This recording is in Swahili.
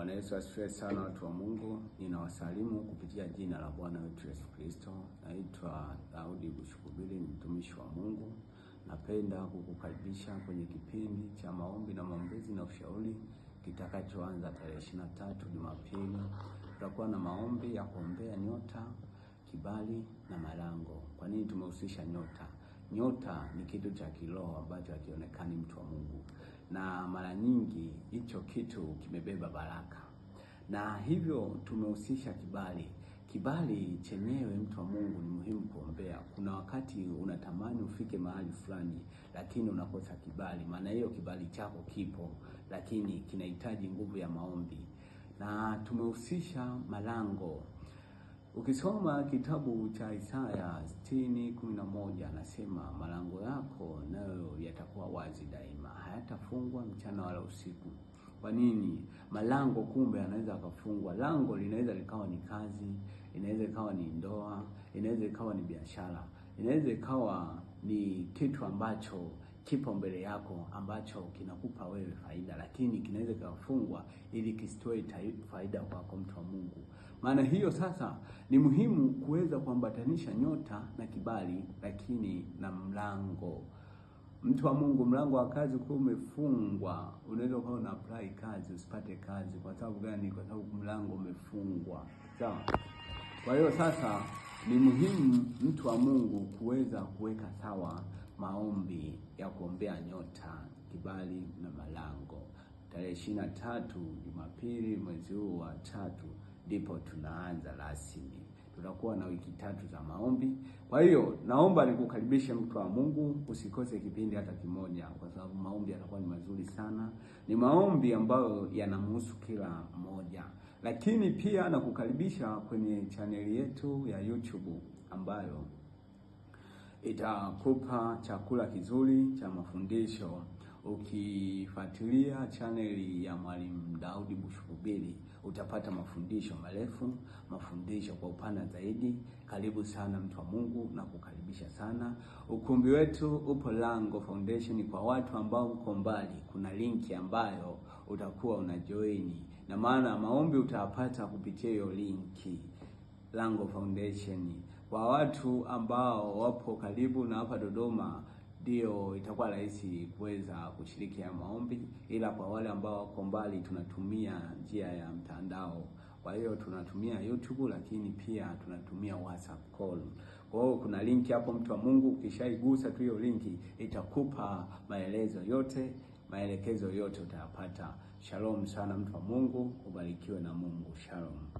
Bwana Yesu asifiwe sana, watu wa Mungu. Ninawasalimu kupitia jina la Bwana wetu Yesu Kristo. Naitwa Daudi Bushukubili, ni mtumishi wa Mungu. Napenda kukukaribisha kwenye kipindi cha maombi na maombezi na ushauri kitakachoanza tarehe 23 Jumapili. Tutakuwa na maombi ya kuombea nyota, kibali na malango. Kwa nini tumehusisha nyota? Nyota ni kitu cha kiroho ambacho hakionekani, mtu wa Mungu na mara nyingi hicho kitu kimebeba baraka, na hivyo tumehusisha kibali. Kibali chenyewe, mtu wa Mungu, ni muhimu kuombea. Kuna wakati unatamani ufike mahali fulani, lakini unakosa kibali. Maana hiyo kibali chako kipo, lakini kinahitaji nguvu ya maombi, na tumehusisha malango Ukisoma kitabu cha Isaya 60:11 anasema, malango yako nayo yatakuwa wazi daima, hayatafungwa mchana wala usiku. Kwa nini? Malango kumbe anaweza akafungwa. Lango linaweza likawa ni kazi, inaweza ikawa ni ndoa, inaweza ikawa ni biashara, inaweza ikawa ni kitu ambacho kipo mbele yako ambacho kinakupa wewe faida, lakini kinaweza kikafungwa ili kisitoe faida kwako, mtu wa Mungu. Maana hiyo sasa ni muhimu kuweza kuambatanisha nyota na kibali, lakini na mlango Mtu wa Mungu, mlango wa kazi kwa umefungwa, unaweza ukawa una apply kazi usipate kazi. Kwa sababu gani? Kwa sababu mlango umefungwa, sawa. Kwa hiyo sasa ni muhimu, mtu wa Mungu, kuweza kuweka sawa maombi ya kuombea nyota, kibali na malango. Tarehe ishirini na tatu Jumapili mwezi huu wa tatu ndipo tunaanza rasmi. Tutakuwa na wiki tatu za maombi. Kwa hiyo naomba nikukaribishe mtu wa Mungu, usikose kipindi hata kimoja, kwa sababu maombi yatakuwa ni mazuri sana. Ni maombi ambayo yanamhusu kila mmoja, lakini pia nakukaribisha kwenye chaneli yetu ya YouTube ambayo itakupa chakula kizuri cha mafundisho. Ukifuatilia chaneli ya Mwalimu Daudi Bushubiri utapata mafundisho marefu, mafundisho kwa upana zaidi. Karibu sana mtu wa Mungu na kukaribisha sana. Ukumbi wetu upo Lango Foundation. Kwa watu ambao uko mbali, kuna linki ambayo utakuwa unajoini, na maana maombi utayapata kupitia hiyo linki Lango Foundation kwa watu ambao wapo karibu na hapa Dodoma ndio itakuwa rahisi kuweza kushiriki haya maombi, ila kwa wale ambao wako mbali tunatumia njia ya mtandao. Kwa hiyo tunatumia YouTube, lakini pia tunatumia WhatsApp call. Kwa hiyo kuna linki hapo, mtu wa Mungu, ukishaigusa tu hiyo linki itakupa maelezo yote, maelekezo yote utayapata. Shalom sana mtu wa Mungu, ubarikiwe na Mungu. Shalom.